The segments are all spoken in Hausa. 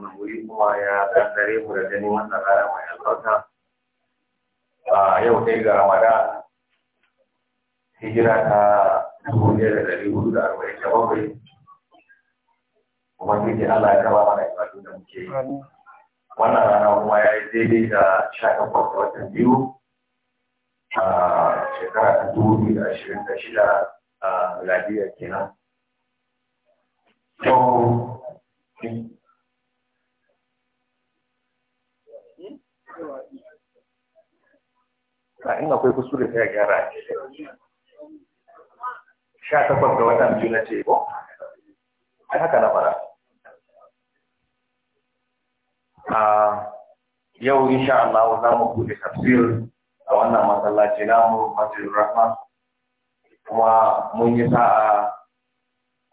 wannan wuri kuma ya kankare mu da gani wannan rana mai albarka a yau dai ga ramada, hijira ta dubu ɗaya da ɗari hudu da arba'in da bakwai kuma kike Allah ya kaba mana ibadu da muke yi wannan rana kuma ya yi daidai da sha takwas da watan biyu a shekara ta dubu biyu da ashirin da shida a miladiyya kenan. So, a in akwai kuskure sai a gyara a sha takwas ga watan biyu na ce ko ai haka na fara a yau insha Allah za mu bude tafsir a wannan masallaci namu Masjidul Rahman kuma mun yi sa'a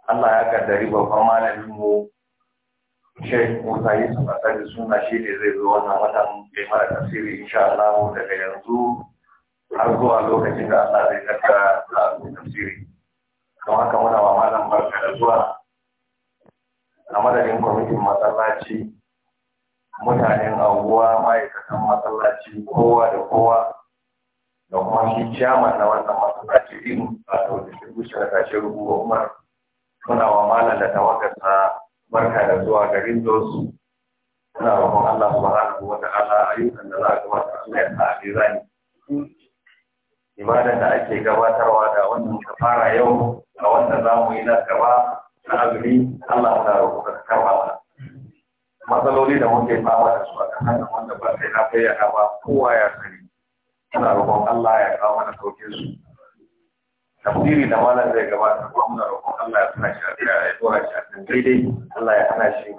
Allah ya kaddari babban malamin mu Sheikh Musa Yusuf suna shi ne zai zo wannan watan bai mara tafsiri insha Allah daga yanzu har zuwa lokacin da Allah zai daga a tafsiri don haka muna wa malam barka da zuwa a madadin kwamitin masallaci mutanen anguwa ma'aikatan matsalaci kowa da kowa da kuma shi ciyaman na wannan masallaci din a tausayi bushe da kashe rubuwa umar muna wa malam da tawagarsa barka da zuwa garin jos muna roƙon Allah subhanahu wa ta'ala ayyukan da za a gabata Allah ya sa a ibada da ake gabatarwa da wannan ka fara yau a wanda za mu yi na gaba na azumi Allah ta roƙa ka karba matsaloli da muke fama da su a kan wanda ba sai na bayyana ba kowa ya sani muna roƙon Allah ya kawo mana sauke su tafsiri da malam zai gabata ko muna roƙon Allah ya hana shi ya dora shi a kan daidai Allah ya hana shi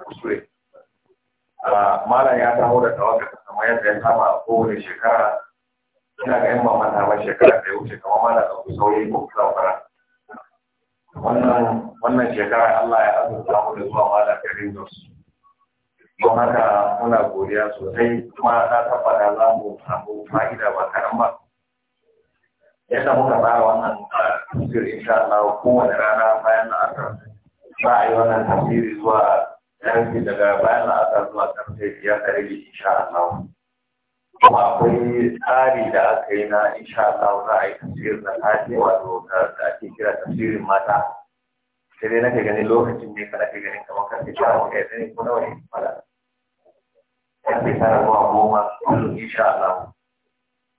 A ah, malam ya taho da tawaka kamar yadda ya saba a kowane shekara ina ga yan na ba shekara da ya wuce kama mana ɗauki sauyi ko zamfara wannan wannan shekara Allah ya azurta mu da zuwa mala garin Jos don haka muna godiya sosai kuma na tabbata za mu samu fa'ida ba karan ba yadda muka tsara wannan ah, tafsir insha Allah kowane rana bayan na la'asar za a yi wannan tafsiri zuwa yanki daga bayan na la'asar zuwa karfe biyar da rage insha Allah kuma akwai tsari da aka yi na insha Allah za a yi tafsirin na kaji wato da ake kira tafsirin mata sai dai nake ganin lokacin ne kada ke ganin kamar karfe tara ko ɗaya ne ko nawa ne fada karfe tara zuwa goma kullum insha Allah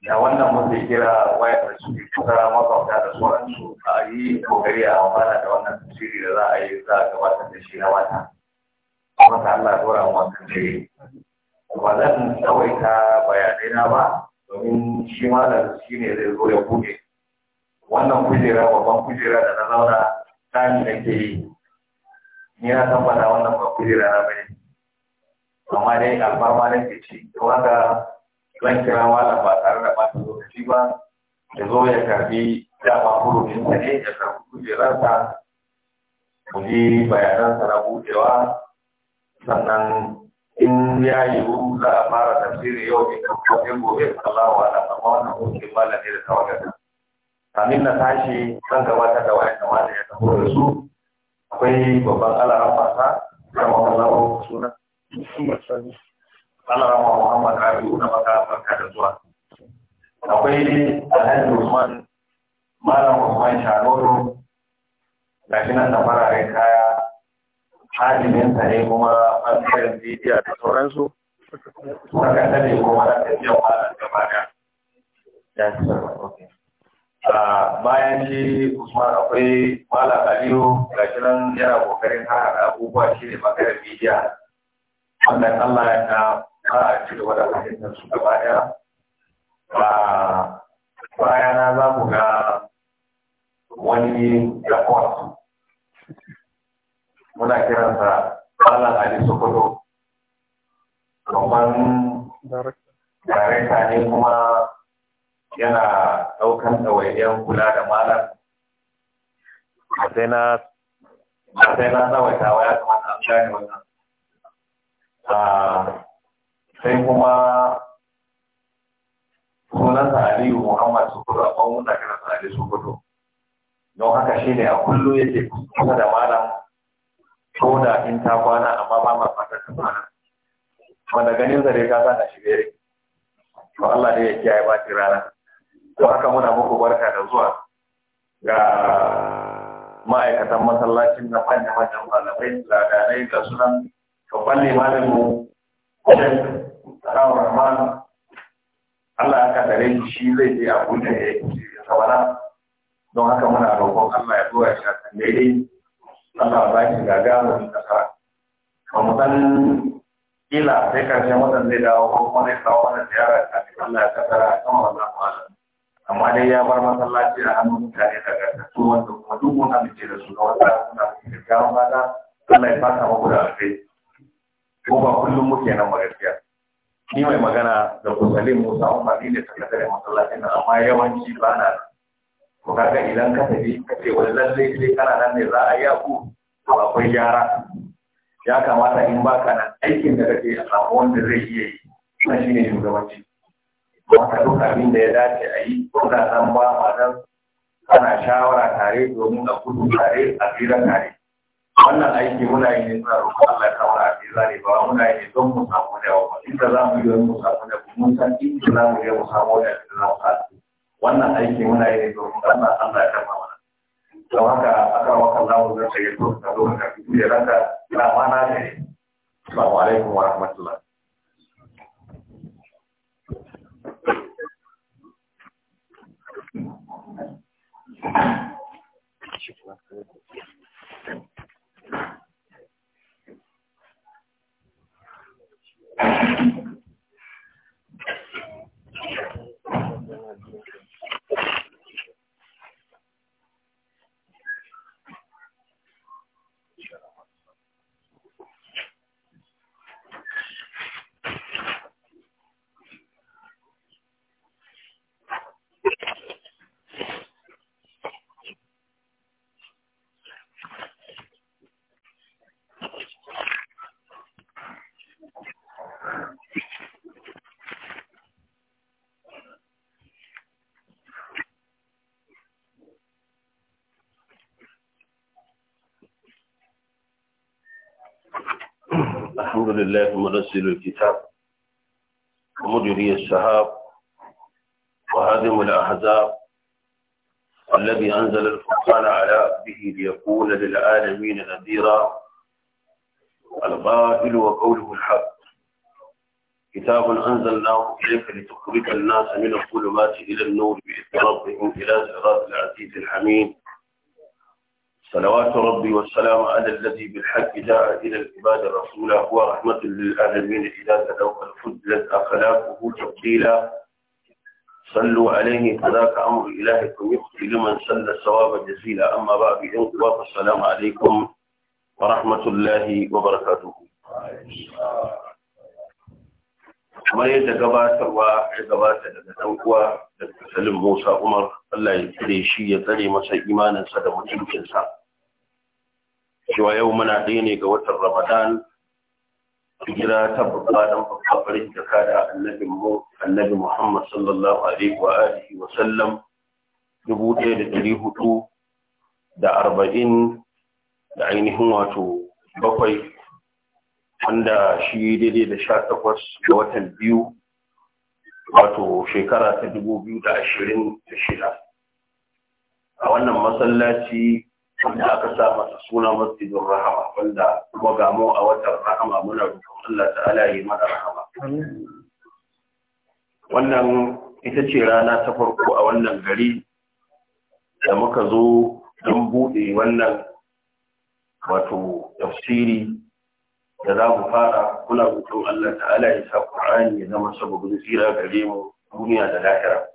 da wannan muke kira wayar da suke kusa makwabta da sauransu a yi kokari a amfana da wannan tafsiri da za a yi za a gabatar da shi na mata. Masa Allah ya dora mu wannan dare. ba zan tsawaita bayanai na ba domin shi malam shi ne zai zo ya buɗe wannan kujera babban kujera da na zauna tani da ke yi ni na san bana wannan ba kujera na bane amma dai alfarma na ke ci to haka zan kira malam ba tare da ɓata lokaci ba ya zo ya karbi dama hurumin sa ne ya karbi kujerarsa mu ji bayanansa na buɗewa sannan in ya yi za a fara tasiri yau ne da na tashi zan gabata da wayan da wani ya tafi da su akwai babban alaran fasa da mawallawa suna alaran wa muhammad na maka barka da zuwa akwai alhaji usman malam usman shanoro nan fararen kaya halimin sa ne kuma ɓangaren bidiya da sauransu suka sani kuma na tafiyan malam gaba da ya ci bayan shi usman akwai malam aliyu ga nan yana kokarin hana abubuwa shi ne ɓangaren bidiya wannan allah ya na ba ci gaba da fahimtar su gaba ɗaya bayana za mu ga wani report muna kiransa Malam Ali Sokoto domin darekta ne kuma yana ɗaukan ɗawainiyar kula da malam sai na sai na tsawaitawa ya kamata an gane wannan ah, sai kuma sunansa Aliyu Muhammad Sokoto a ɓangaren kiransa Ali Sokoto don haka shi ne a kullum yake kusa da malam ko da in ta kwana amma ba ma fata ta kwana wanda ganin zare ka za na shige rai to Allah ne ya kiyaye ba ci rana to haka muna muku barka da zuwa ga ma'aikatan masallacin na fanya wajen malamai ladanai ga sunan kwalli malamu, mu wajen tsawon rahman Allah aka dare shi zai je Abuja ya yi kusa da don haka muna roƙon Allah ya zo ya shafi daidai Allah ba shi gagarumin kasa ba san kila sai karshen watan zai dawo ko kuma zai kawo wani ziyara cikin Allah ya kasara a kan wannan malam amma dai ya bar masallaci a hannun mutane daga tattu wanda kuma duk wani amince da su ga wata suna gaggawa mata Allah ya fata muku da alkai ko ba kullum muke nan magaskiya ni mai magana da kusalin Musa Umar ne da sakatare masallacin amma yawanci ba na ko kaga idan ka tafi ka ce wani lallai ne kana nan ne za a yi abu to akwai gyara ya kamata in ba ka nan aikin da kake a samu wanda zai iya yi shi ne shugabanci wata duk abin da ya dace a yi ko ka san ba ma nan kana shawara tare domin a gudu tare a tsira tare wannan aiki muna yi ne muna roƙon Allah ya kawo a tsira ne ba muna yi ne don mu samu da yawa inda za mu yi don mu samu da mun san inda za mu je mu samu da za mu samu wannan aiki muna yi domin Allah Allah ya karba mana don haka aka waka zamu zan sai to ka zo ka fito ya ranka ina ma na ne assalamu alaikum wa rahmatullah Thank you. الحمد لله منزل الكتاب ومجري السحاب وهادم الأحزاب الذي أنزل الفرقان على به ليكون للعالمين نذيرا القائل وقوله الحق كتاب أنزلناه إليك لتخرج الناس من الظلمات إلى النور بإذن ربهم إلى صراط العزيز الحميد صلوات ربي والسلام على الذي بالحق جاء إلى العباد رسولا هو رحمة للعالمين إذا تدوك الفضلت أخلاقه تبطيلا صلوا عليه فذاك أمر إلهكم يخطي لمن سل الثواب جزيلا أما بعد إنقوا السلام عليكم ورحمة الله وبركاته ما yadda gabatarwa ya gabata daga ɗan uwa daga salim musa umar allah ya tsare shi ya cewa yau muna ɗaya ne ga watan ramadan hijira ta bukatar farin jaka da annabin da annabi muhammad sallallahu alaihi wa alihi wa sallam dubu ɗaya da ɗari hudu da arba'in da ainihin wato bakwai wanda shi daidai da sha takwas ga watan biyu wato shekara ta dubu biyu da ashirin da shida a wannan masallaci wanda aka sa masa suna masjidun rahama wanda kuma gamo a watan rahama muna roƙon Allah ta'ala yi mana rahama wannan ita ce rana ta farko a wannan gari da muka zo don buɗe wannan wato tafsiri da za mu fara kuna roƙon Allah ta'ala ya sa Qur'ani ya zama sababin tsira gare mu duniya da lahira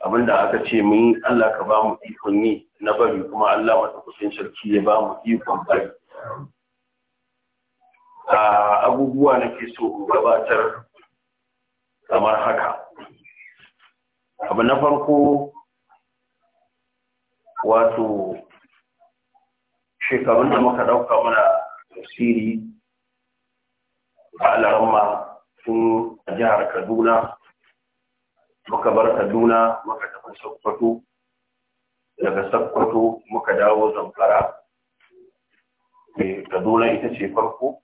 abinda aka ce mun Allah ka ba mu ikon yi na bari kuma Allah matsakusin sarki ya ba mu ikon bari A abubuwa na ke so gabatar kamar haka abu na farko wato shekarun da muka ɗauka mana tafsiri a al'amma sun a jihar kaduna muka bar kaduna muka tafi sokoto daga sokoto muka dawo zamfara eh, kaduna ita ce farko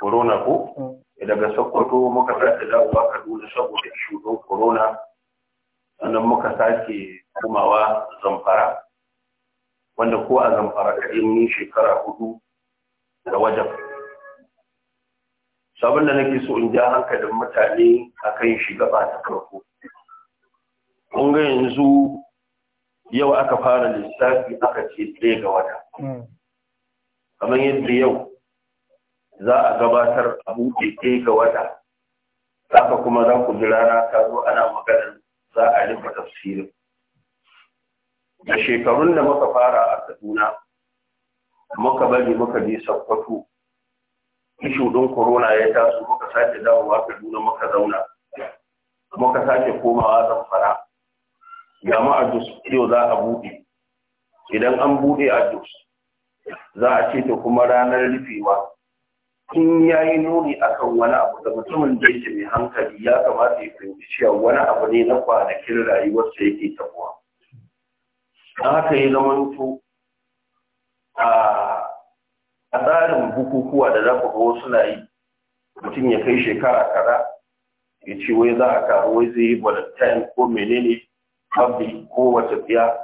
corona ko mm. daga sokoto muka sake dawowa kaduna saboda shugaban korona. sannan muka sake kumawa zamfara wanda ko a zamfara kaɗin shekara hudu da wajen sabon da nake so in ja hankalin mutane a kan shi gaba ta farko ga yanzu yau aka fara lissafi aka ce ɗaya ga wata hmm. kamar yadda yau za a gabatar a buɗe ɗaya ga wata haka kuma za ku ji rana ta zo ana magana za a rufe tafsirin da shekarun da muka fara a kaduna muka bari muka je sakkwato ishu ɗin corona ya taso muka sake dawowa duna muka zauna muka sake komawa zamfara jama'a jos yau za a buɗe idan an buɗe a jos za a ce ta kuma ranar rufewa in ya yi nuni kan wani abu da mutumin da yake mai hankali ya kamata ya fahimci cewa wani abu ne na kwanakin rayuwarsa yake tabuwa. Don haka ya zamanto a a tsarin bukukuwa da za ku wasu yi mutum ya kai shekara kaza ya ce wai za a kawo wai zai yi valentine ko menene public ko wata biya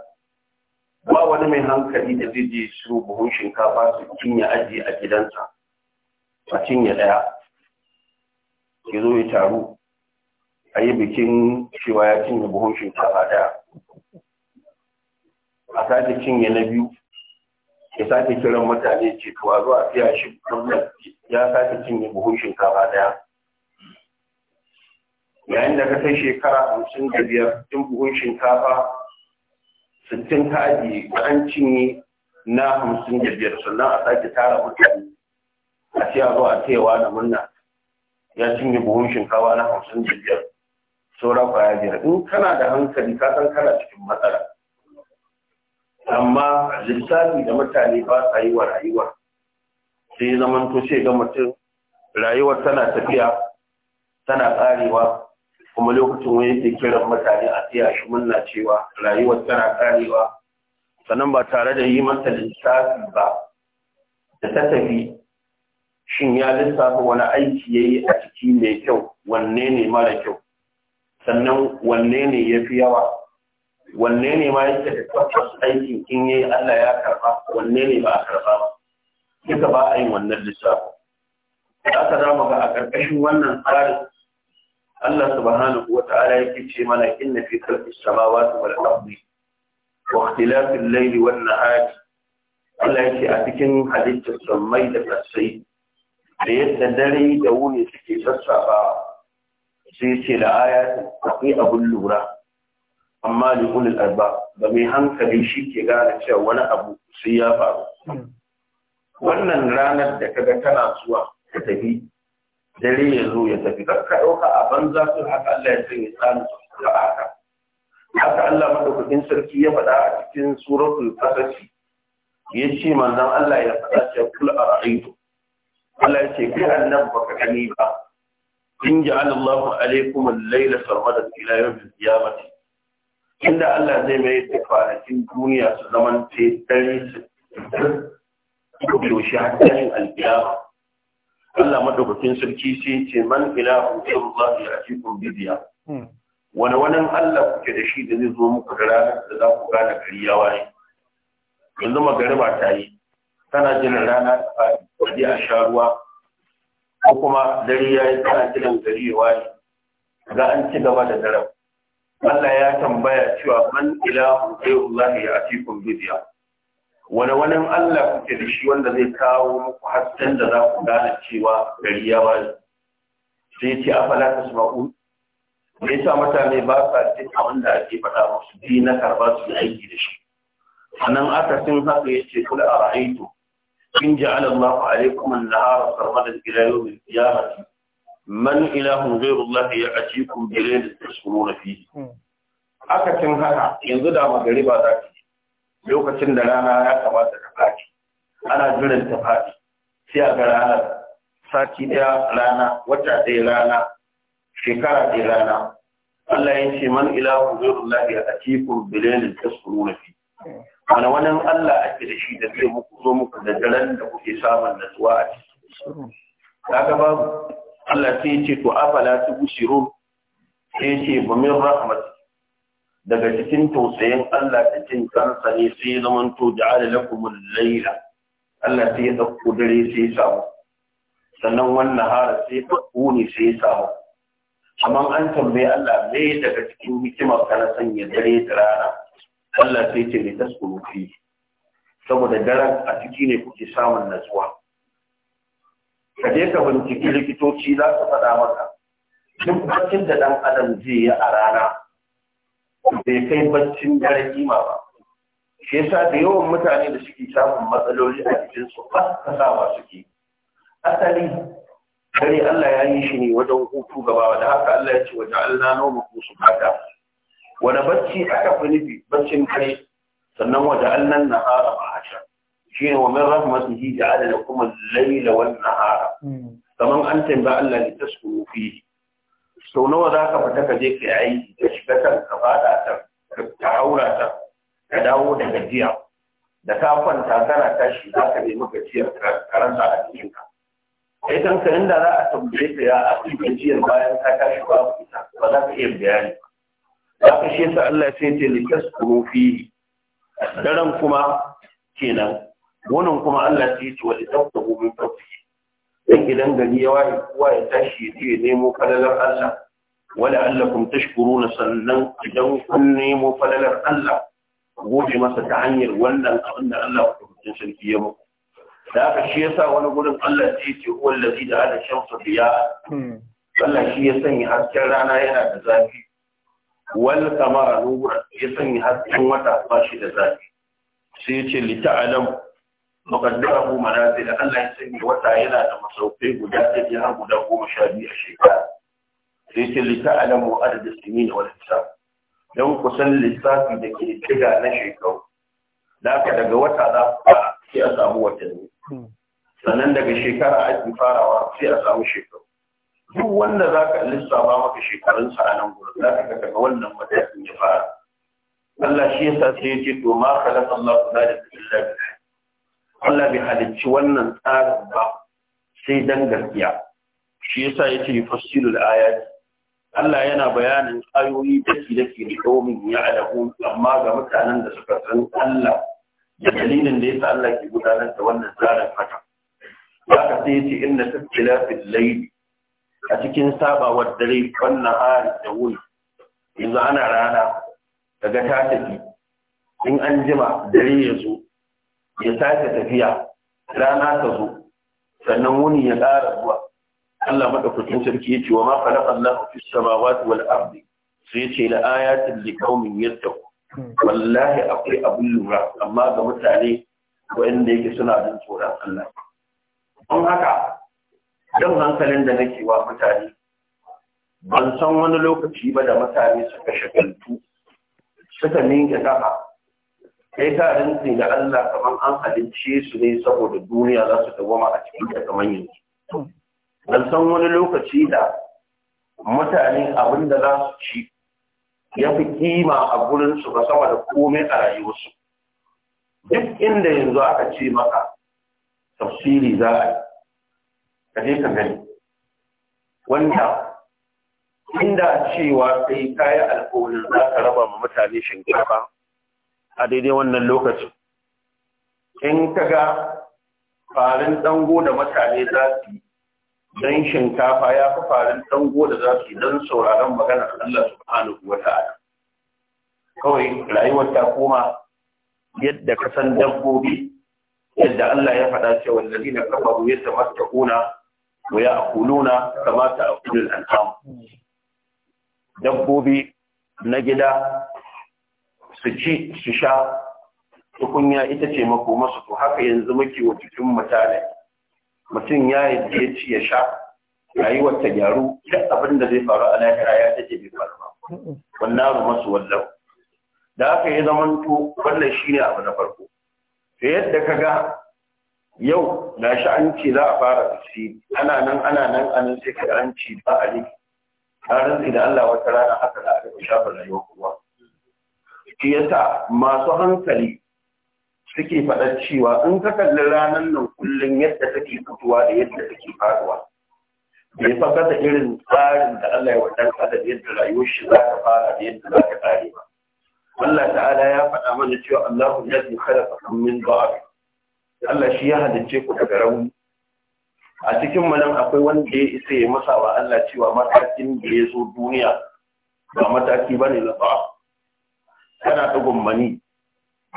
ba wani mai hankali da zai je su buhun shinkafa su cinye aji a gidansa a cinye ɗaya ya zo ya taru a yi bikin cewa ya cinye buhun shinkafa ɗaya a sake cinye na biyu ya sake kiran mutane ce tuwa a zo fiya shi gwamnati ya sake cinye buhun shinkafa daya yayin da ka kai shekara hamsin da biyar cin buhun shinkafa sittin ta ajiye an cinye na hamsin da biyar sannan a sake tara mutane a siya a a taiwa da murna ya cinye buhun shinkafa na hamsin da biyar saura kwaya biyar in kana da hankali ka san kana cikin matsala lissafi da mutane ba sa yi wa rayuwa sai ya zama to ga mutum rayuwar tana tafiya tana karewa kuma lokacin wani yake kiran mutane a tsaya shi munna cewa rayuwar tana karewa sannan ba tare da yi masa lissafi ba da ta tafi shin ya lissafi wani aiki ya yi a ciki mai kyau wanne ne mara kyau sannan wanne ne ya fi yawa wanne ne ma yake da tabbas aikin in yayi Allah ya karba wanne ne ba a karba ba duka ba a yin wannan lissafi aka za mu ga a ƙarƙashin wannan tsarin Allah subhanahu wa ta'ala yake ce mana inna fi khalqis samawati wal ardi wa ikhtilafil layli wan nahari Allah yake a cikin halittar sammai da kasai da yadda dare da wuni suke sassafa sai ce da ayatin akwai abun lura amma li ulil alba da mai hankali shi ke gane cewa wani abu sai ya faru wannan ranar da kaga tana zuwa ta tafi dare ya zo ya tafi kar ka ɗauka a banza su haka Allah ya ya tsarin su da haka haka Allah madaukakin sarki ya faɗa a cikin suratul qasas ya ce manzon Allah ya faɗa cewa kul ara'aytu Allah ya ce kai annabi baka gani ba in ja'ala Allahu alaykum al-layla sarmadan ila yawm al-qiyamah inda Allah zai mai da kwanakin duniya su zama ce dare su yaushe har ɗarin Allah madaukakin sarki sai ce man ilahun illallah ya ci bidiya wani hmm. wani Allah kuke da shi da zai zo muku da ranar da za ku gane gari ya waye yanzu ba ta yi tana jin rana ta fadi waje a sha ruwa ko kuma dare ya yi tana jiran gari ya waye ga an ci gaba da daren Allah ya tambaya cewa man ilahu ghayrullahi ya'tikum bidiya wani wani Allah kuke da shi wanda zai kawo muku hasken da za ku gane cewa gari ya bari sai ya ce afala tasma'u me yasa mutane ba sa jin abin da ake faɗa musu bi na karba su yi aiki da shi sannan aka sun haka ya ce kula a ra'aitu in ja'ala Allahu alaikum an-nahara sarmadan ila yawmil qiyamah man ilahun ghairullah ya ajikum bi ghayri tashkuruna fihi aka cin haka yanzu da magariba za ki lokacin da rana ya kamata ta fadi ana jiran ta fadi sai a ga ranar sati daya rana wata daya rana shekara daya rana Allah ya ce man ilahun ghairullah ya ajikum bi ghayri tashkuruna fihi wani wani Allah ake da shi da zai muku zo muku da daren da kuke samun natsuwa a cikin ciki. Kaga babu Allah sai ya ce to afala tubshirun sai ya ce ba min rahmat daga cikin tausayin Allah da cin kansa ne sai ya zama zamanto ja'ala lakumul layla Allah sai ya dauko dare sai ya samu sannan wannan hara sai ya ne sai ya samu amma an tambaye Allah me daga cikin hikimar ka na sanya dare da rana Allah sai ya ce ne tasku fi saboda daren a ciki ne kuke samun natsuwa ka je ka binciki likitoci za su faɗa maka duk baccin da ɗan adam zai yi a rana bai kai baccin dare kima ba shi yasa da yawan mutane da suke samun matsaloli a jikin su ba ka sa suke asali dare Allah ya yi shi ne wajen hutu gaba da haka Allah ya ce wajen Allah noma ku su fata wani bacci aka fi nufi baccin kai sannan wajen Allah na ba shine wa min rahmatihi ja'ala lakum al-layla wan-nahara hmm. kaman an tamba Allah li taskuru fihi sau nawa za ka fita ka je ka yi aiki ka shiga kan ka fada ta ka haura ta ka dawo da gajiya da ka kwanta kana tashi za ka nemi gajiyar karanta a jikinka kai kanka inda za a tambaye ka ya a gajiyar bayan ka tashi babu ita ba za ka iya bayani ba haka shi yasa Allah sai ce li taskuru fihi daren kuma kenan wannan kuma Allah sai ce wani idan ku min fawqihi dan gidan gari ya waye kuwa ya tashi ya je nemo falalar Allah wala allakum tashkuruna sannan idan kun nemo falalar Allah gobe masa ta hanyar wannan abin da Allah ya sarki ya muku da aka shi yasa wani gurin Allah ya ce huwa allazi da ala shamsu biya hmm. Allah shi ya sanya hasken rana yana da zafi wal kamara nura ya sanya hasken wata ba shi da zafi sai ya ce li ta'lam muqaddarahu manazil Allah ya sanya wata yana da masaukai guda ɗaya har guda goma sha biyu a shekara sai ce lita alamu adad sinin wal hisab dan ku san lissafi da ke diga na shekaru da daga wata za ku fara sai a samu watanni hmm. sannan daga shekara ake farawa sai a samu shekaru duk wanda za ka lissafa maka shekarunsa a nan gurin za ka daga wannan matakin ya fara Allah shi yasa sai ya ce to ma khalaqa Allah da illa bil Allah bai halicci wannan tsarin ba sai dan gaskiya shi yasa yace fassilul ayat Allah yana bayanin ayoyi daki daki da kaumin ya adabu amma ga mutanen da suka san Allah da dalilin da yasa Allah ke gudanar da wannan tsarin haka haka sai yace inna tasbilafil layli a cikin sabawar dare wannan hari da wuri yanzu ana rana daga ta tafi in an jima dare ya zo ya sake tafiya rana ta zo sannan wuni ya ƙara zuwa Allah madaukakin sarki yace wa ma khalaqa Allahu fis samawati wal ardi sai yace la ayatin liqaumin yattaqu wallahi akwai abin lura amma ga mutane wanda yake suna jin tsoron Allah don haka don hankalin da nake wa mutane ban san wani lokaci ba da mutane suka shagaltu suka ninke kafa kai ta rinzi da Allah kamar an halicce su ne saboda duniya za su dawama a cikin ta kamar yanzu dan san wani lokaci da mutane abin da za su ci ya fi kima a gurin su ba sama da komai a rayuwarsu duk inda yanzu aka ce maka tafsiri za a yi ka je ka gani wanda inda cewa kai kayi alƙawarin za ka raba ma mutane shinkafa a daidai wannan lokacin, in ka ga farin dango da mutane za su don shinkafa ya fi farin dango da za su don sauraron maganar Allah subhanahu wa ta'ala kawai rayuwar ta koma yadda ka san dabbobi yadda Allah ya faɗa cewa allazina kafaru ya wa kamata a ta'kulul an'am dabbobi na gida su ci su sha tukunya ita ce mako masu to haka yanzu muke wa cikin mutane mutum ya yi ci ya sha yi ta gyaru duk abin da zai faru a lahira ya take bai faru ba wannan ru masu wallau da ya zamanto wannan shine abu na farko to yadda ka ga yau na shi an ce za a fara tafsiri ana nan ana nan anan sai ka an ce ba a ne a rantsi da Allah wata rana haka da aka shafa rayuwa kowa yasa masu hankali suke faɗa cewa in ka kalli ranar nan kullum yadda take fitowa da yadda take faruwa bai fa kasa irin tsarin da Allah ya wadar kada yadda rayuwar shi za ta fara da yadda za ta tsare ba Allah ta'ala ya faɗa mana cewa Allahu allazi khalaqakum min da'af Allah shi ya halicce ku daga rau. a cikin manan akwai wanda ya isa ya masa wa Allah cewa matakin da ya zo duniya ba mataki bane na ba'a kana ɗigon mani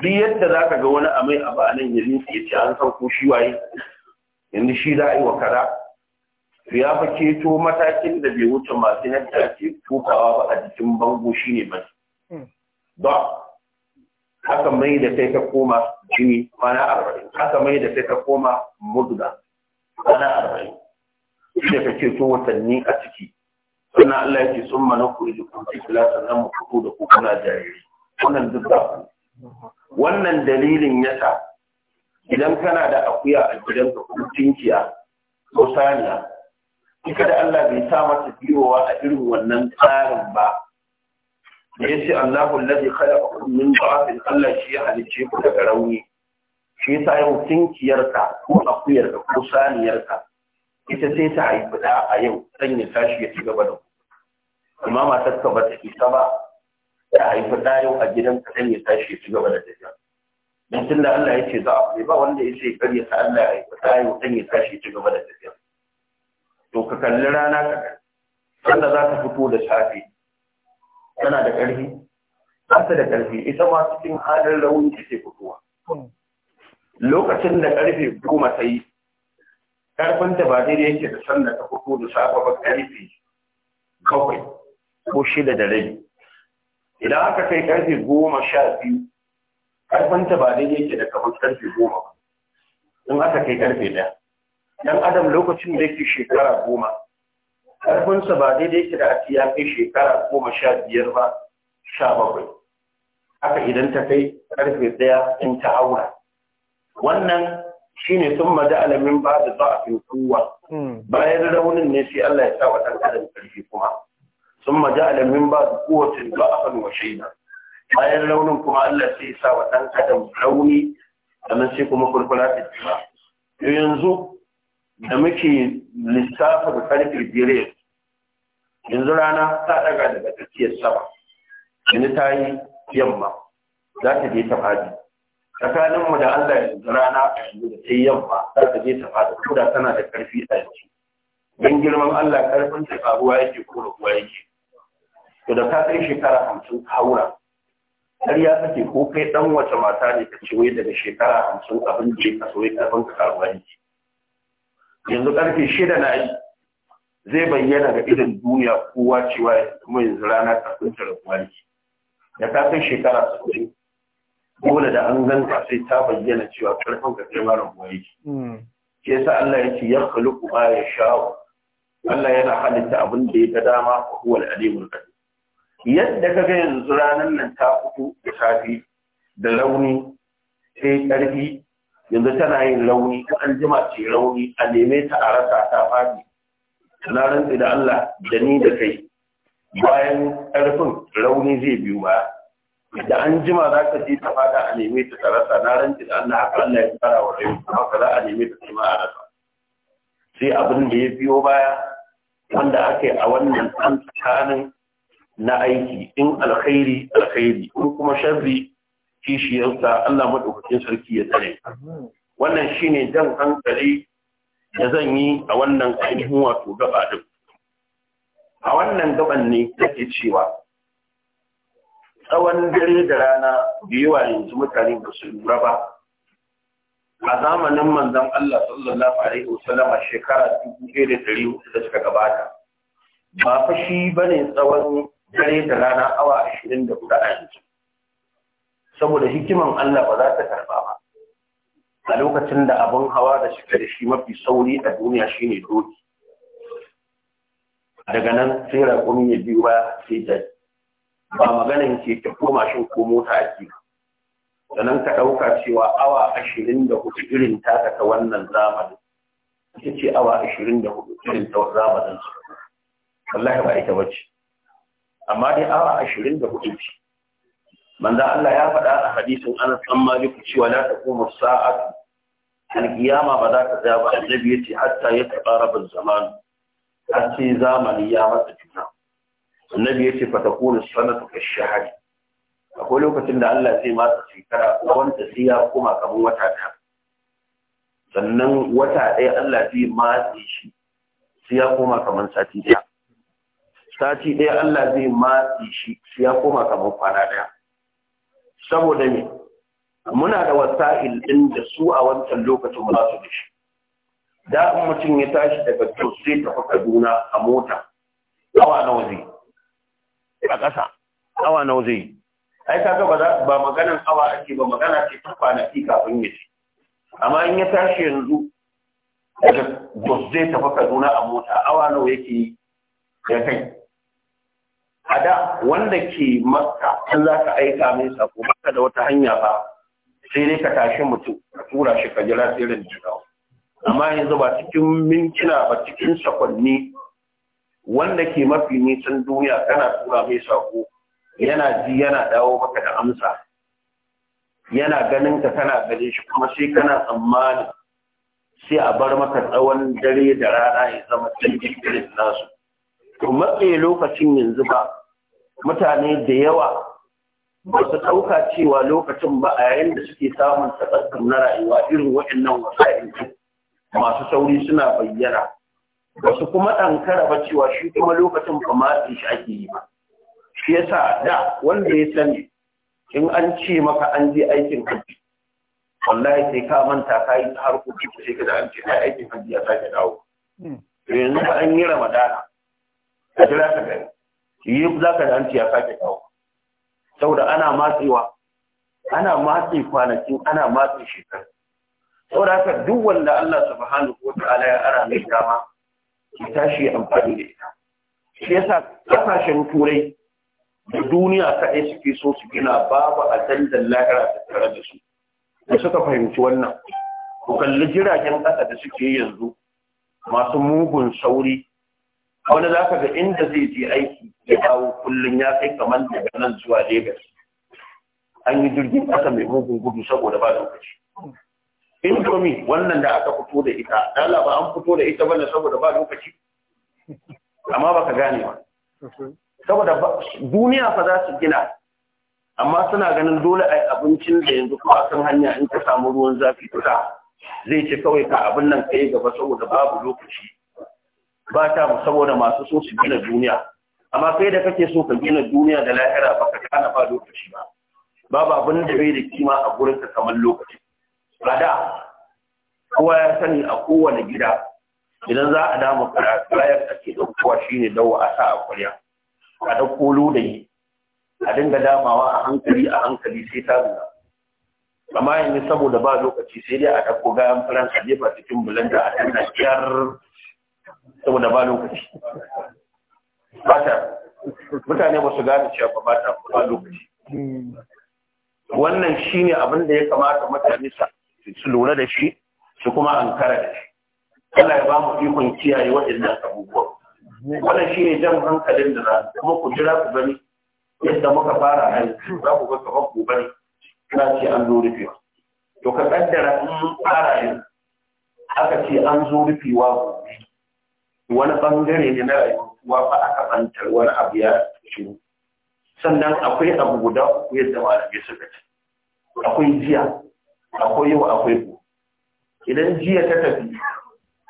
duk yadda za ka ga wani amai abu a nan yanzu ya ce an san ko shi waye yanzu shi za a yi wa kara ya fa ceto matakin da bai wuce masu yadda ake tukawa ba a jikin bango shi ne ba hmm. ba haka mai da kai ka koma jini kwana arba'in haka mai da kai ka koma mudda kwana arba'in shi da ka ceto watanni a ciki sannan Allah ya ce sun mana kuri da kuma sannan mu fito da ku na jariri wannan duk wannan dalilin yasa idan kana da akuya a gidanka ko tinkiya ko saniya kika da Allah bai sa mata biyowa a irin wannan tsarin ba da yace Allahu allazi khalaqa min da'afin Allah shi ya halice ku daga rauni shi yasa yau tinkiyarka ko akuyarka ko saniyarka ita sai ta haifi da a yau sanya ya tashi ya ci gaba da amma matarka ba ta isa ba ya haifi ɗayo a gidan kaɗan ya tashi ya ci gaba da tafiya don tun da Allah ya ce za a ba wanda ya ce kar ya sa Allah ya haifi ɗayo ɗan ya tashi ya ci gaba da tafiya to ka kalli rana ka kalli za ta fito da safe tana da ƙarfi ba ta da ƙarfi ita ma cikin halin rauni take fitowa lokacin da ƙarfe goma ta yi ƙarfin da ba daidai yake da sanda ta fito da safe ba ƙarfe bakwai ko shida da rabi idan aka kai karfe goma sha biyu ta ba daidai yake da kamar karfe goma ba in aka kai karfe daya. dan adam lokacin da yake shekara goma karfinsa ba daidai yake da ake ya kai shekara goma sha biyar ba sha bakwai haka idan ta kai karfe daya in ta aura wannan shine sun da alamin ba da fi kowa hmm. bayan raunin ne sai Allah ya sa wa ɗan adam karfi kuma Sun ثم جعل من بعد قوة ضعفا وشيبا bayan launin kuma Allah sai sa wa ɗan adam rauni sannan sai kuma kulkula ta jima yanzu da muke lissafa da karfe biyar yanzu rana ta daga daga tsakiyar sama yanzu ta yi yamma za ta je ta fadi tsakaninmu da Allah yanzu rana a yanzu da ta yi yamma za ta je ta fadi ko da tana da karfi a yanzu don girman Allah karfin ta faruwa yake ko rabuwa yake to da ta kai shekara hamsin ka haura har ya kake ko kai dan wace mata ne ka ce wai daga shekara hamsin abin da ka so ya karfin ka karuwanci yanzu karfe shida na yi zai bayyana ga irin duniya kowa cewa kuma yanzu rana ta kunta da kwanci da ta kai shekara sosai dole da an ganta sai ta bayyana cewa karfin ka kai mara kwanci Ke hmm. sa Allah ya ce ya ba ya sha'u Allah yana halitta abin da ya ga dama huwal alimul kadi yadda ka ga yanzu ranar nan ta fito da safe da rauni sai ƙarfi yanzu tana yin rauni. ko an jima ce rauni a neme ta a rasa ta fadi na rantsi da Allah da ni da kai bayan ƙarfin rauni zai biyu ba da an jima za ka ji ta fada a neme ta ta rasa na rantsi da Allah haka Allah ya fara wa rayu haka za a neme ta kuma a rasa sai abin da ya biyo baya wanda aka yi a wannan ɗan na aiki in alkhairi alkhairi ko kuma sharri kishiyarsa Allah madaukakin sarki ya tsare wannan shine jan hankali da zan yi a wannan ainihin wato gaba din a wannan gaban ne take cewa tsawon dare da rana da yawa yanzu mutane ba su lura ba a zamanin manzon Allah sallallahu alaihi wasallam shekara 1400 da suka gabata ba fa shi bane tsawon dare da rana awa ashirin da hudu a jiki saboda hikiman Allah ba za ta karba ba a lokacin da abin hawa da shiga da shi mafi sauri a duniya shine doki daga nan sai raƙumi ya biyu ba sai da ba maganin ke ko mashin ko mota ake Da sannan ka ɗauka cewa awa ashirin da hudu irin ta ta wannan zamanin ita ce awa ashirin da hudu irin ta zamanin su wallahi ba ita bace amma dai awa ashirin da hudu ce manzo Allah ya faɗa a hadisin Anas an Maliku cewa la taqumu sa'atu al ba za ta tsaya ba annabi yace hatta ya taqaraba zaman har sai zamani ya matsa juna annabi yace fa takunu sanatu kash hari. akwai lokacin da Allah zai matsa shekara wanda sai ya koma kamar wata ɗaya sannan wata ɗaya Allah zai shi sai ya koma kamar sati ɗaya sati ɗaya Allah zai matsi shi ya koma kamar kwana ɗaya saboda ne muna da wasa'il ɗin da su a wancan lokacin ba su da shi da in mutum ya tashi daga Jos sai tafi Kaduna a mota awa nawa zai a ƙasa awa nawa zai ai kaga ba ba maganan awa ake ba magana ce ta kwanaki kafin ya ci amma in ya tashi yanzu daga Jos zai tafi Kaduna a mota awa nawa yake ya kai a da wanda ke maka an za ka aika mai sako maka da wata hanya ba sai dai ka tashi mutum ka tura shi ka jira rin jira amma yanzu ba cikin mintuna ba cikin sakonni wanda ke mafi nisan duniya kana tura mai sako yana ji yana dawo maka da amsa yana ganin ka kana gare shi kuma sai kana tsammani sai a bar maka tsawon dare da rana ya zama canjin irin nasu to matsayi lokacin yanzu ba mutane da yawa ba su ɗauka cewa lokacin ba a yayin da suke samun tsatsar na rayuwa irin waɗannan wasa'in masu sauri suna bayyana ba su kuma ɗankara ba cewa shi kuma lokacin ba matsin shi ake yi ba shi yasa da wanda ya sani in an ce maka an je aikin hajji wallahi sai ka manta ka yi ta harkoki sai ka da an ce aikin hajji ya sake dawo hmm. yanzu an yi ramadana a jira ka gani yi za ka da ya sake kawo saboda ana matsewa ana matse kwanakin ana matse shekaru saboda haka duk wanda Allah subhanahu wa ta'ala ya ara mai dama ki tashi amfani da ita shi yasa kasashen turai da duniya kaɗai suke so su gina babu a dandan lahira tattare da su da suka fahimci wannan ku kalli jiragen ƙasa da suke yanzu masu mugun sauri wani za ka ga inda zai je aiki ya dawo kullum ya kai kamar daga nan zuwa Legas. An yi jirgin ƙasa mai mugun gudu saboda ba lokaci. Indomi wannan da aka fito da ita, dala ba an fito da ita bane saboda ba lokaci. Amma baka gane ba. Saboda duniya fa za su gina, amma suna ganin dole a abincin da yanzu kuma kan hanya in ka samu ruwan zafi ta zai ce kawai ka abin nan ka gaba saboda babu lokaci. ba ta mu saboda masu so su gina duniya amma kai da kake so ka gina duniya da lahira ba ka kana ba lokaci ba babu abin da bai da kima a gurin ka kamar lokaci ba da kowa ya sani a kowane gida idan za a damu karatu kayan ake ɗaukowa shine dawa a sa a kwarya a ɗauko ludayi a dinga damawa a hankali a hankali sai ta nuna amma yanzu saboda ba lokaci sai dai a ɗauko gayan faransa jefa cikin bulanda a tana kyar saboda ba lokaci Ba ta mutane ba su gane cewa ba ta ba lokaci wannan shi ne abin da ya kamata mutane su lura da shi su kuma kara da shi Allah ya ba mu ikon kiyaye waɗannan abubuwa wannan shi ne jan hankalin da na kuma ku jira ku gani yadda muka fara a za ku ga kamar gobe ne na ce an zo rufewa to ka kaddara in fara yin, aka ce an zo rufewa gobe wani bangare ne na rayuwa ba aka bantar wani abu ya ci sannan akwai abu guda uku yadda malamai suka ci akwai jiya akwai yau akwai ku idan jiya ta tafi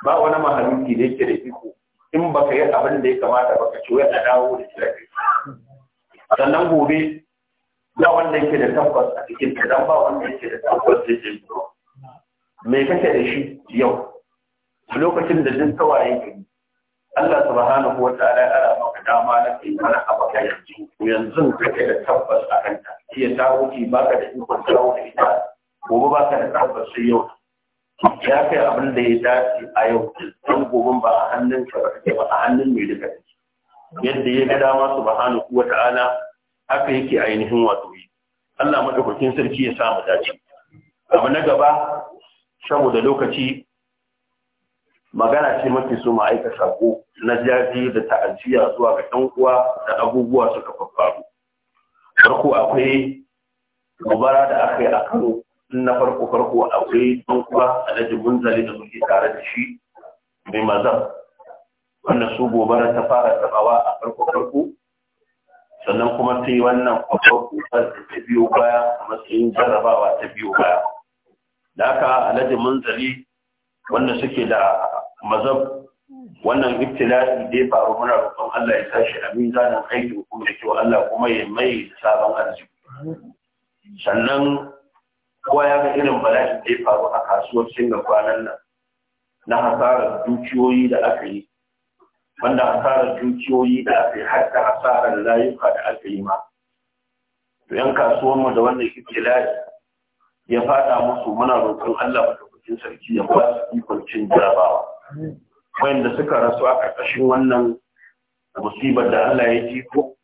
ba wani mahaluki da yake da iko in ba ka yi abin da ya kamata ka ci wai a dawo da shi sannan gobe ba wanda yake da tabbas a cikin ta dan ba wanda yake da tabbas da ke me kake da shi yau lokacin da duk kawai yake Allah subhanahu wa ta'ala ya ara maka dama na kai mana abaka yanzu yanzu kake da tabbas a kanta iya dawo ki baka da ikon dawo da ita gobe baka da tabbas sai yau ya kai abin da ya dace a yau don gobe ba a hannun ka ba ba a hannun mai duka yadda ya ga dama subhanahu wa ta'ala haka yake ainihin wato yi Allah madaukakin sarki ya samu dace abu na gaba saboda lokaci magana ce mafi so ma'aika sako na jaji da ta'aziyya zuwa ga ɗan uwa da abubuwa suka faru. Farko akwai gobara da aka yi a Kano na farko farko akwai ɗan uwa a Alhaji Munzali da muke tare da shi mai mazan wanda su gobara ta fara tabawa a farko farko sannan kuma ta yi wannan farko ta biyo baya a matsayin jarrabawa ta biyo baya. Da haka Alhaji Munzali wanda suke da mazab wannan ibtila'i dai faru muna roƙon Allah ya tashi amin mizanin aikin kuma da kyau Allah kuma ya mai sabon arziki sannan kowa ya ga irin bala'i da ya faru a kasuwar singa kwanan nan na hasarar dukiyoyi da aka yi wanda hasarar dukiyoyi da aka yi har da hasarar layuka da aka yi ma to yan kasuwar mu da wannan ibtila'i ya fada musu muna roƙon Allah madaukakin sarki ya ba su ikon cin jarabawa wayanda suka rasu a ƙarƙashin wannan musibar da Allah ya ji ko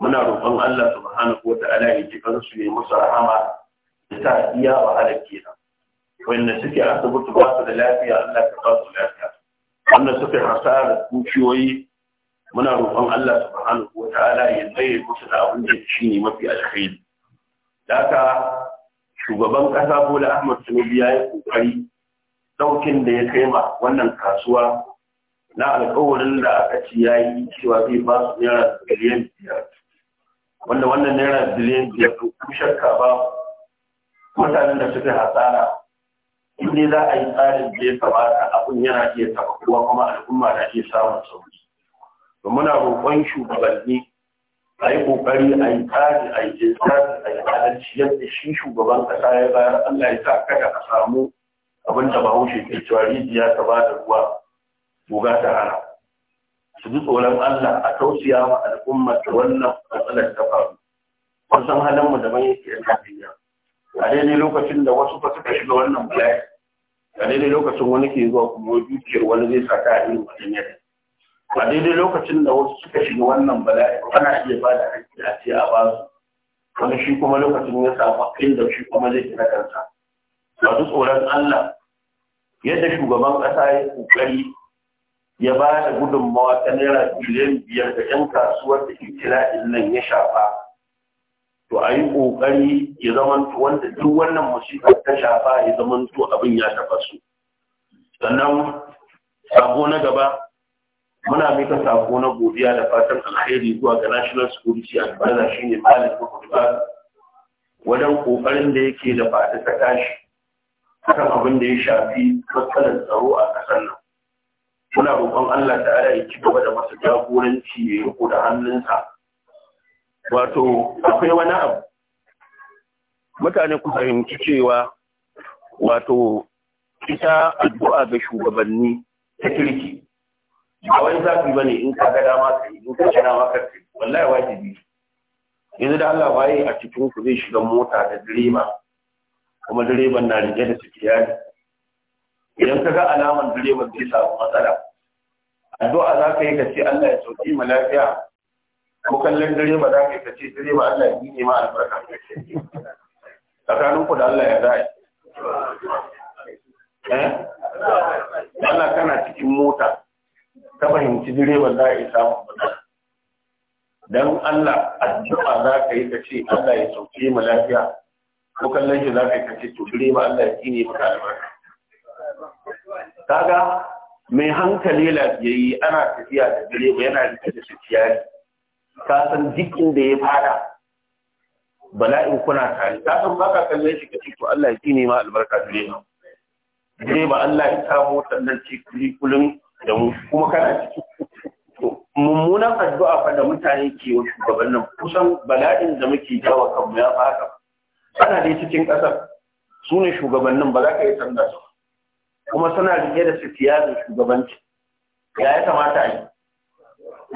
muna roƙon Allah subhanahu wa ta'ala ya ji kansu ne musu rahama da ta iya wa halakki nan wanda suke asibiti ba su da lafiya Allah ka ba su lafiya wanda suke hasara dukiyoyi muna roƙon Allah subhanahu wa ta'ala ya tsaye musu da abin da shi ne mafi alkhairi da haka shugaban ƙasa Bola Ahmad Tinubu ya yi kokari ɗaukin da ya kai ma wannan kasuwa na alkawarin da aka ci ya yi cewa zai ba su naira biliyan biyar wanda wannan naira biliyan biyar to ku shakka ba mutanen da suka hasara in za a yi tsarin da ya kamata abin yana iya taɓa kuma kuma al'umma na iya samun sauki to muna roƙon shugabanni a yi ƙoƙari a yi tsari a yi tsari a yi adalci yadda shi shugaban ƙasa ya bayar Allah ya sa kada a samu abinda bahaushe ke cewa rijiya ta ba da ruwa buga ta hana su ji tsoron Allah a tausiya wa al'umma da wannan matsalar ta faru kusan san halin mu da mai yake yan kafiya a daidai lokacin da wasu fa suka shiga wannan bala'i a daidai lokacin wani ke zuwa kuma dukiyar wani zai sa a irin wajen yadda a daidai lokacin da wasu suka shiga wannan bala'i ana iya ba da haƙƙi a ce a su wani shi kuma lokacin ya samu inda shi kuma zai kira kansa masu tsoron Allah yadda shugaban ƙasa ya ƙoƙari ya ba da gudunmawa ta naira biliyan biyar da 'yan kasuwar da ikira'in nan ya shafa to a yi ƙoƙari ya zamanto wanda duk wannan musibar ta shafa ya to abin ya su. sannan sako na gaba muna mika sako na godiya da fatan alheri zuwa ga national security advisor shine malik mahmud wajen kokarin da yake da fata ta tashi akan abin da ya shafi matsalar tsaro a ƙasar nan muna roƙon Allah ta ya ci gaba da masa jagoranci ya riko da hannunsa wato akwai wani abu mutane ku fahimci cewa wato ita addu'a ga shugabanni ta kirki A wani zafi ba ne in ka ga dama ka yi in ka ga dama ka ce wallahi wajibi yanzu da Allah waye a cikin ku zai shiga mota da direma. kuma direban na rike da sufiyani idan ka ga alaman direban zai samu matsala addu'a za ka yi ka ce Allah ya sauki ma lafiya ko kallon direba za ka yi ka ce direba Allah ya gine ma albarka tsakanin ku da Allah ya zai eh Allah kana cikin mota ka fahimci direban za a yi samun matsala dan Allah addu'a za ka yi ka ce Allah ya sauke mu lafiya ko kallon shi za ka yi kace to dire ba Allah ya kine maka albarka kaga mai hankali lafiyayi ana tafiya da dire ba yana rike da tsiyari ka san jikin da ya fada bala'in kuna tare ka san ka kallon shi kace to Allah ya kine ma albarka dire ba dire ba Allah ya samu sannan ci kulikulin da mu kuma kana ciki mummunan addu'a fa da mutane ke wa nan kusan bala'in da muke jawa kanmu ya fara ana dai cikin ƙasar su ne shugabannin ba za ka yi canza su kuma suna rike da siyasar shugabanci ya ya kamata a yi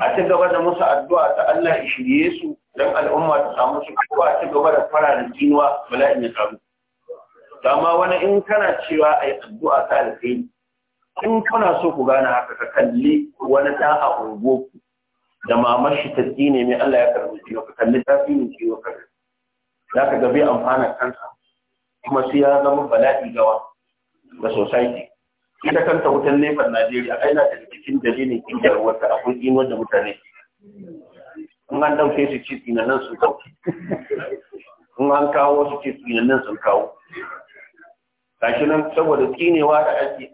a ci gaba da musu addu'a ta Allah ya shirye su don al'umma ta samu su ko a ci gaba da fara da kinuwa bala'in ya karu dama wani in kana cewa a yi addu'a ta alkhairi in kuna so ku gane haka ka kalli wani ɗa a ungo da mamar shi ta tsine mai Allah ya karbi ciwo ka kalli ta tsine ciwo za ka ga bai amfana kansa kuma sai ya zama bala'i gawa ga society ita kanta wutan nefar najeriya aina da cikin dalilin kinjar wata akwai inuwar da mutane in an ɗauke su ci tsinanan sun kawo. in an kawo su ci tsinanan sun kawo gashi nan saboda tsinewa da ake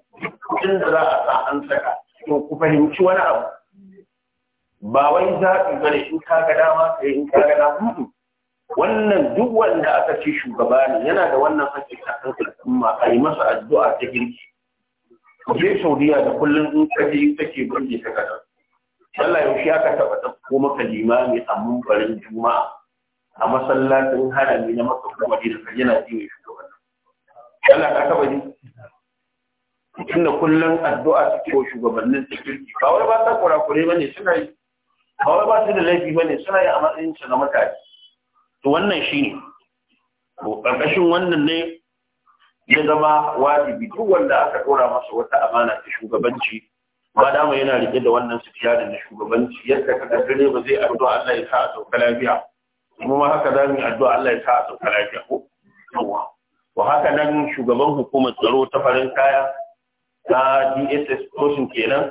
kudin da za a sa an saka to ku fahimci wani abu ba wai zaɓi gane in ka ga dama ka yi in ka ga dama wannan duk wanda aka ce shugaba ne yana da wannan hakki a kan al'umma a yi masa addu'a ta girki je saudiya da kullum in ka kaje take burge ta kaɗan, Allah yaushe aka taba ɗauko maka limami a mumbarin juma'a a masallacin harami na maka kuma da ka yana ji shugaban Allah ka taba ji tunda kullum addu'a suke wa shugabannin ta girki ba wai ba ta kurakure bane suna yi ba wai ba su da laifi bane suna yi a matsayin su na matashi to wannan shi ne ƙarƙashin wannan ne ya zama wajibi duk wanda aka dora masa wata amana ta shugabanci ba dama yana rike da wannan sifiyarin na shugabanci yadda ka dare ba zai addu'a Allah ya sa a sauka lafiya kuma ma haka za mu yi addu'a Allah ya sa a sauka lafiya ko yawa wa haka nan shugaban hukumar tsaro ta farin kaya ta DSS Koshin kenan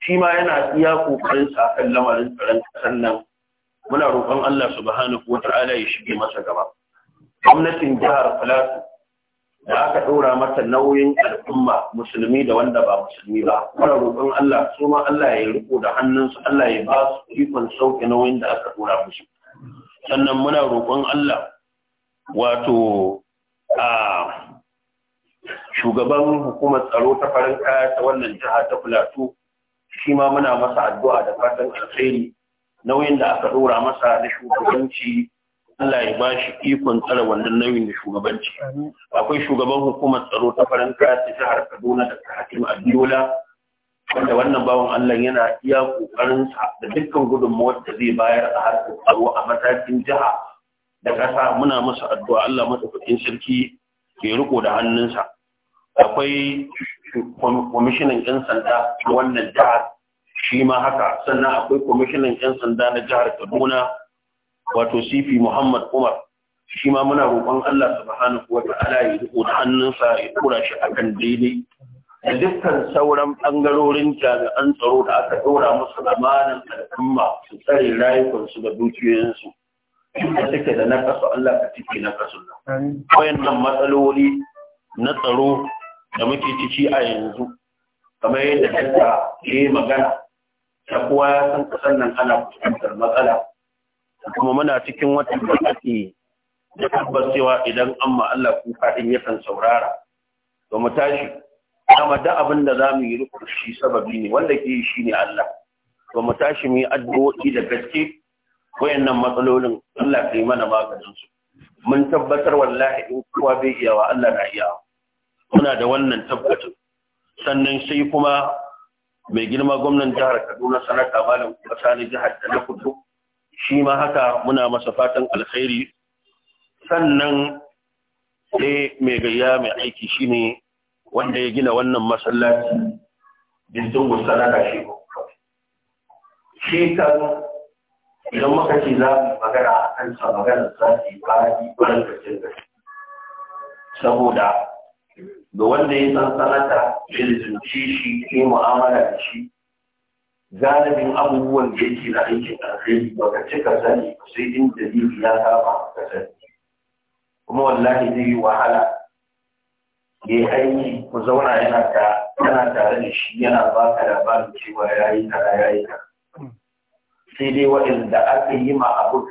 shi ma yana iya kokarin sa kan lamarin tsaron kasar nan muna roƙon Allah subhanahu wa ta'ala ya shige masa gaba gwamnatin jihar Plateau da aka ɗora mata nauyin al'umma musulmi da wanda ba musulmi ba muna roƙon Allah su ma Allah ya riko da hannunsu Allah ya ba su ikon sauke nauyin da aka ɗora musu sannan muna roƙon Allah wato a shugaban hukumar tsaro ta farin kaya ta wannan jiha ta Plateau shi ma muna masa addu'a da fatan alkhairi nauyin da aka ɗora masa da shugabanci Allah ya bashi ikon tsara wannan nauyin da shugabanci. Akwai shugaban hukumar tsaro ta Faransa ta jihar Kaduna da Hakim Abiola wanda wannan bawan Allah yana iya kokarin sa da dukkan gudunmawar da zai bayar a harkar tsaro a matakin jiha da ƙasa muna masa addu'a Allah madaukakin sarki ke riko da hannunsa. Akwai kwamishinan 'yan sanda wannan jihar shi ma haka sannan akwai kwamishinan 'yan sanda na jihar kaduna wato sifi muhammad umar shi ma muna roƙon allah subhanahu wa ta'ala ya riko da hannunsa ya tura shi a kan daidai da dukkan sauran ɓangarorin jami'an tsaro da aka ɗora musu amanan al'umma su tsare rayukansu da dukiyoyinsu da suke da na kasu allah ka cike na kasu nan matsaloli na tsaro da muke ciki a yanzu kamar yadda ta ke magana da kowa ya san kasan nan ana fuskantar matsala kuma muna cikin wata da ake da tabbas cewa idan an Allah kuka din yakan saurara to mu tashi amma da abin da za mu yi rukun shi sababi ne wanda ke shi ne Allah to mu tashi mu yi addu'o'i da gaske wayannan matsalolin Allah kai mana maganin su mun tabbatar wallahi in kowa bai iya wa Allah na iya muna da wannan tabbatin sannan sai kuma mai girma gwamnan jihar Kaduna sanata malam kasa na jihar da na kudu shi ma haka muna masa fatan alkhairi sannan sai mai gayya mai aiki shine wanda ya gina wannan masallaci dindin sanata shi shi kan idan muka ce za mu magana a kansa maganar za fara yi fadi saboda Da wanda ya san sanata ya zunci shi ke mu'amala da shi galibin abubuwan da yake na aikin alheri ba ka cika sani sai in zai ya saba ka sani kuma wallahi zai yi wahala ya yi aiki ku zauna yana ta yana tare da shi yana ba ka da da cewa ya yi da ya yi ta sai dai waɗanda aka yi ma abu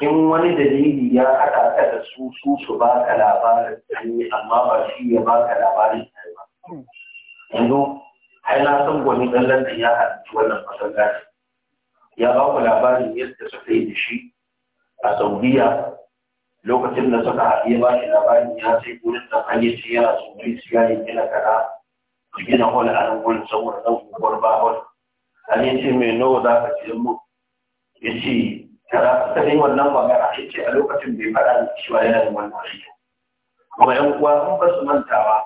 in wani dalili ya haɗa ka da su su su ba ka labarin tsaye amma ba shi ya ba ka labarin tsaye ba yanzu ai na san gwani ɗan lantin ya halarci wannan masallaci ya ba ku labarin yadda suka yi da shi a saudiya lokacin da suka haɗu ya ba shi labarin ya sai gurin da hanyar shi yana sauri su yayi gina kara su gina hol a nan gurin saboda ɗan unguwar ba hol Hanyar shi ce mai nawa za ka ce mu ya ce kaza suka yi wannan magana ya ce a lokacin bai faɗa da cewa yana da wannan aiki kuma yan uwa sun ba su mantawa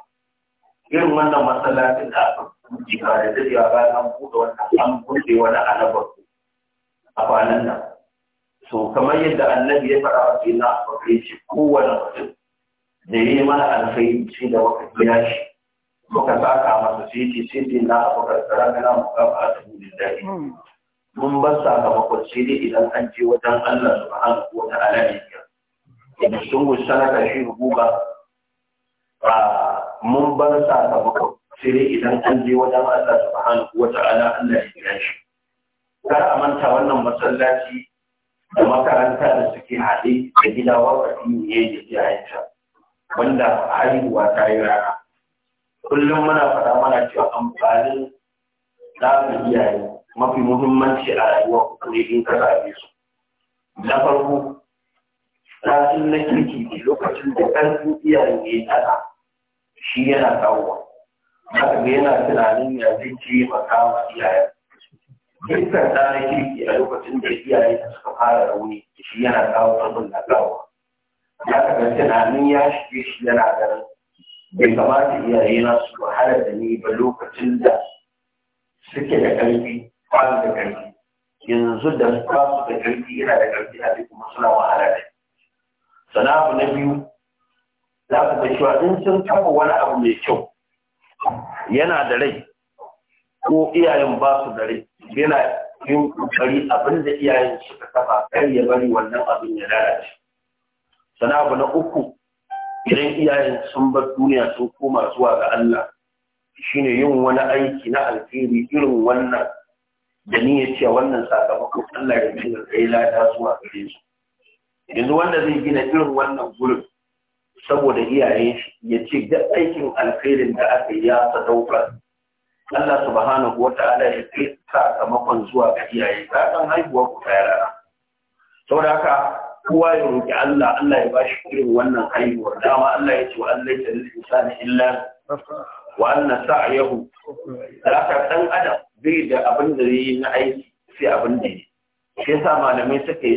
irin wannan masallacin da aka buɗe ba da dadewa bayan an buɗe wannan an buɗe wani alabar a kwanan nan so kamar yadda annabi ya faɗa wa a abubakar ce kowane mutum da ya yi mana alfairi ce da waka biya shi muka saka masa sai ce a sayyidina abubakar sarangana mu kafa a tabu da daɗi mun bar sakamakon sai dai idan an je wajen Allah subhanahu wa ta'ala ne ya idan sun gusana sanaka shi rubuga a mun bar sakamakon sai dai idan an je wajen Allah subhanahu wa ta'ala Allah ya kira shi kar a manta wannan masallaci da makaranta da suke haɗe da gida wakati ne da iyayenta wanda haihuwa ta yi rana kullum muna faɗa mana cewa amfanin ɗaga iyaye mafi muhimmanci a rayuwa kuma in ka zaɓe su na farko tasirin na kirki ne lokacin da ƙarfin iyayen ya yi tsada shi yana kawowa haka ga yana tunanin ya zai ce maka wa iyayen dukkan ɗa na kirki a lokacin da iyayen suka fara rauni shi yana kawo ƙarfin na kawowa ya kaga tunanin ya shige shi yana ganin bai kamata iyaye na su wahalar da ni ba lokacin da suke da ƙarfi ba da ƙarfi yanzu da ba da ƙarfi yana da ƙarfi a duk kuma suna wahala da sana abu na biyu za ku ga cewa in sun kafa wani abu mai kyau yana da rai ko iyayen ba su da rai yana yin kokari abin da iyayen suka kafa kar ya bari wannan abin ya lalace sana abu na uku idan iyayen sun bar duniya sun koma zuwa ga Allah shine yin wani aiki na alheri irin wannan da ni ya ce wannan sakamakon Allah ya gina kai ta zuwa gare su yanzu wanda zai gina irin wannan gurin saboda iyaye shi ya ce duk aikin alkhairin da aka yi ya sadauka Allah subhanahu wa ta'ala ya kai sakamakon zuwa ga iyaye ka san haihuwa ku ta yara saboda haka kowa ya roki Allah Allah ya bashi irin wannan haihuwar dama Allah ya ce wa Allah ya tsare insani illa wa sa'ayahu. sa'yahu zaka ɗan adam zai da abin da yi na aiki sai abin da yi shi yasa malamai suke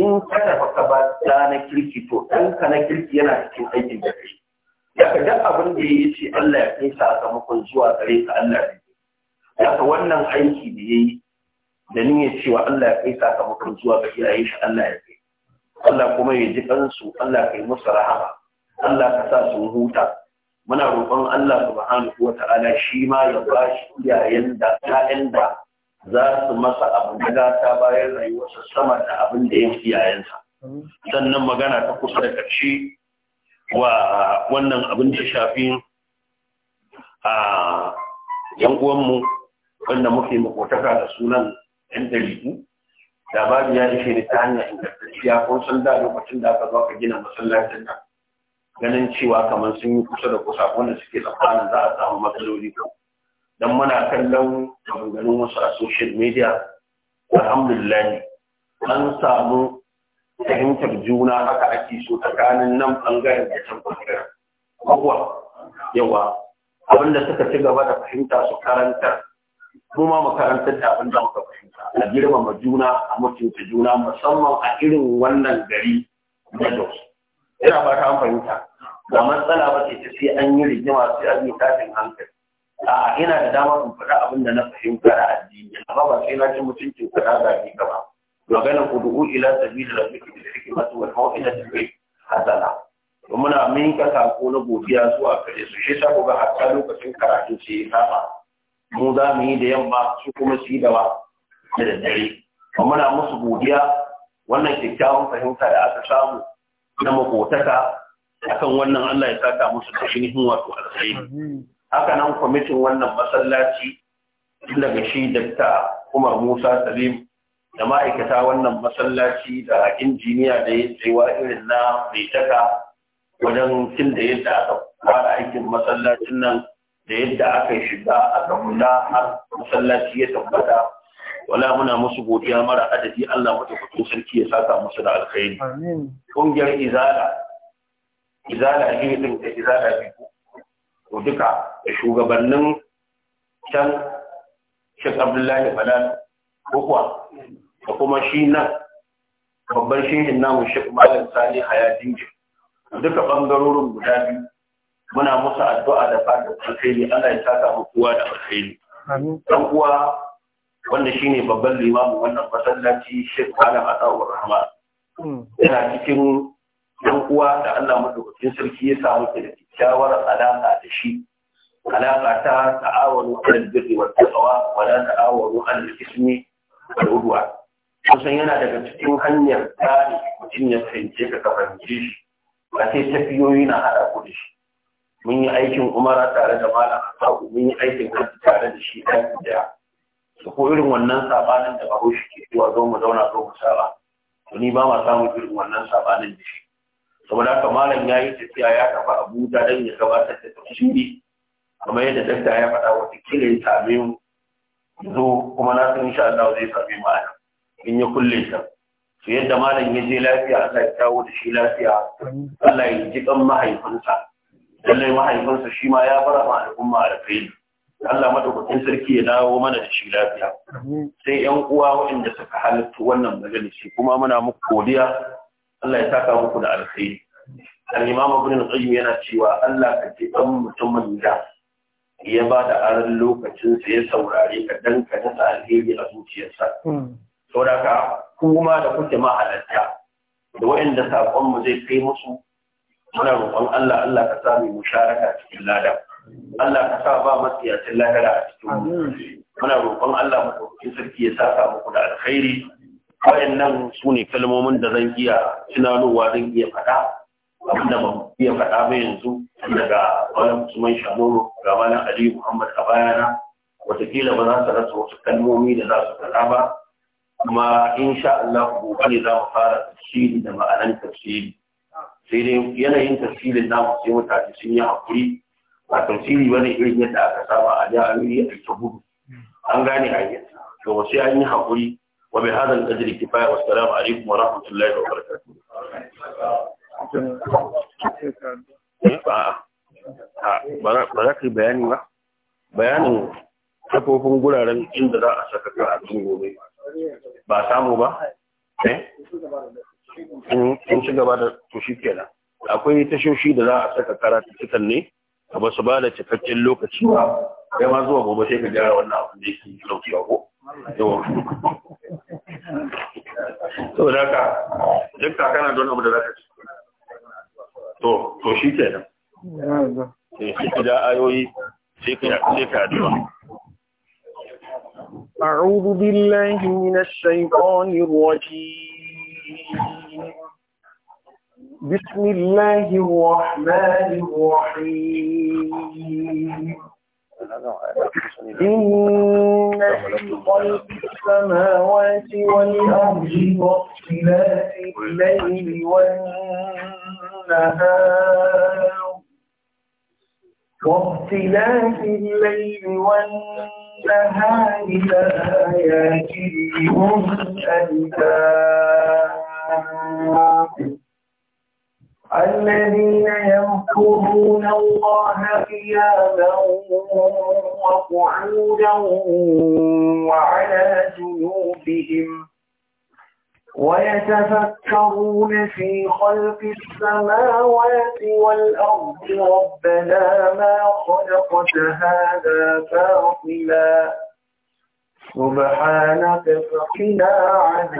in ka tafi ka ba da na kirki to dan ka na kirki yana cikin aikin da kai ka duk abin da yi ce Allah ya kai sakamakon zuwa gare ka Allah ne ka wannan aiki da yayi da niyyar cewa Allah ya kai sakamakon zuwa ga iyayen shi Allah ya kai Allah kuma ya ji kansu Allah kai musu rahama Allah ka sa su huta muna roƙon Allah subhanahu wa ta'ala shi ma ya ba shi iyayen da ta'yan da za su masa abu da gata bayan rayuwarsa sama da abin da ya fi iyayensa sannan magana ta kusa da ƙarshe wa wannan abin da shafi a yan uwanmu wanda muke makotaka da sunan yan dalibu da babu ya rufe ni ta hanyar ingantacciya ko san da lokacin da aka zo ka gina masallacin nan ganin cewa kamar sun yi kusa da kusa wanda suke tsakanin za a samu matsaloli ko dan muna kallon maganganun wasu a social media alhamdulillah an samu fahimtar juna haka ake so tsakanin nan bangaren da can bangaren kowa yawa abinda suka ci gaba da fahimta su karanta mu ma mu da abin da muka fahimta a girmama juna a mutunta juna musamman a irin wannan gari na Jos ina ba ta fahimta ba matsala ba ce ta sai an yi rigima sai an yi tashin hankali A'a, ina da dama in faɗa abin da na fahimta a addini amma ba sai na ci mutuncin kuɗa ga ni ka ba magana ku du'u ila sabili rabbika bil hikmati wal mau'izati bil hasana muna minka sako na godiya zuwa kare su shi sa ga hatta lokacin karatu sai ya saba mu za mu yi da yamma su kuma su yi da ba da daddare muna musu godiya wannan kyakkyawan fahimta da aka samu na makotaka akan wannan Allah ya saka musu da ainihin wato alkhairi haka nan kwamitin wannan masallaci daga shi dakta Umar Musa Salim da ma'aikata wannan masallaci da injiniya da ya tsewa irin na mai taka wajen tun da yadda aka fara aikin masallacin nan da yadda aka shiga aka kula har masallaci ya tabbata wala muna musu godiya mara adadi Allah madaukakin sarki ya saka musu da alkhairi kungiyar izala izala biyu din da izala biyu to duka da shugabannin can Sheikh Abdullahi Balal ko kuwa da kuma shi nan babban shehin namu Sheikh Malam Sani haya Hayatin duka bangarorin guda biyu muna musu addu'a da fatan alkhairi Allah ya saka mu kowa da alkhairi dan uwa wanda shine babban limamin wannan masallaci Sheikh Malam Atawur Rahman hmm. yana cikin yan uwa da Allah madaukakin sarki ya samu ke da kyakkyawar alaka da shi alaka ta ta'awanu alal birri wa taqwa wa la ta'awanu alal ismi wal udwa kusan yana daga cikin hanyar tsari mutum ya fahimce ka ka fahimce shi ba sai tafiyoyi na hada ku da shi mun yi aikin umara tare da malam haku mun yi aikin hajji tare da shi ɗan da su ko irin wannan sabanin da bahaushe ke zuwa zo mu zauna zo mu saba to ni ba ma samun irin wannan sabanin da shi saboda haka malam ya yi tafiya ya kafa abuja don ya gabatar da tafsiri kamar yadda dakta ya faɗa wata kila ya same mu yanzu kuma na san insha Allah zai same mu a in ya kulle ta to yadda malam ya je lafiya Allah ya da shi lafiya Allah ya ji kan mahaifinsa lallai mahaifinsa shi ma ya fara ma al'umma alkhairi Allah madaukakin sarki ya dawo mana da shi lafiya sai yan uwa waɗanda suka halatta wannan majalisi kuma muna muku godiya Allah ya saka muku da alkhairi al-imam ibn al-qayyim yana cewa Allah ka ce dan mutumin da ya ba da aran lokacin sa ya saurare ka dan ka nasa alheri a zuciyarsa hmm. saboda ka kuma da kuke mahalarta da wa'anda sakon mu zai kai musu muna roƙon Allah Allah ka sa mu musharaka cikin lada. Allah ka sa ba masiyacin lahira a cikin mu muna roƙon Allah mu sarki ya saka muku da alkhairi waɗannan su ne kalmomin da zan iya tunanowa zan iya faɗa abinda ba iya faɗa ba yanzu daga wani musulman Shanoro ga malam Ali Muhammad a bayana watakila ba za su rasa wasu kalmomi da za su faɗa ba kuma insha Allah gobe ne za mu fara tafsiri da ma'anan tafsiri sai dai yanayin tafsirin namu sai mutane sun yi hakuri A tafsiri ba irin yadda aka saba a jami'i a ta gudu an gane a yi to sai an yi hakuri وبهذا الأجر كفاية والسلام عليكم ورحمة الله وبركاته ba za ka yi bayani ba bayanin kafofin guraren inda za a saka ka gobe ba samu ba in ci gaba da tushi kenan akwai tashoshi da za a saka karatu cikin ne ba su ba da cikakken lokaci ba kai ma zuwa gobe sai ka gyara wannan abin da yake daukewa ko yawa to da ka duk ta kana don abu da zaka ci to to shi kenan eh shi da ayoyi sai ka sai ka addu'a أعوذ بالله من الشيطان الرجيم بسم الله الرحمن الرحيم إن في خلق السماوات والأرض واختلاف الليل والنهار واختلاف الليل والنهار لآيات لأولي الألباب الذين يذكرون الله قياما وقعودا وعلى جنوبهم ويتفكرون في خلق السماوات والأرض ربنا ما خلقت هذا باطلا سبحانك فقنا عذاب